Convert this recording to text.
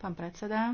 Pán predseda.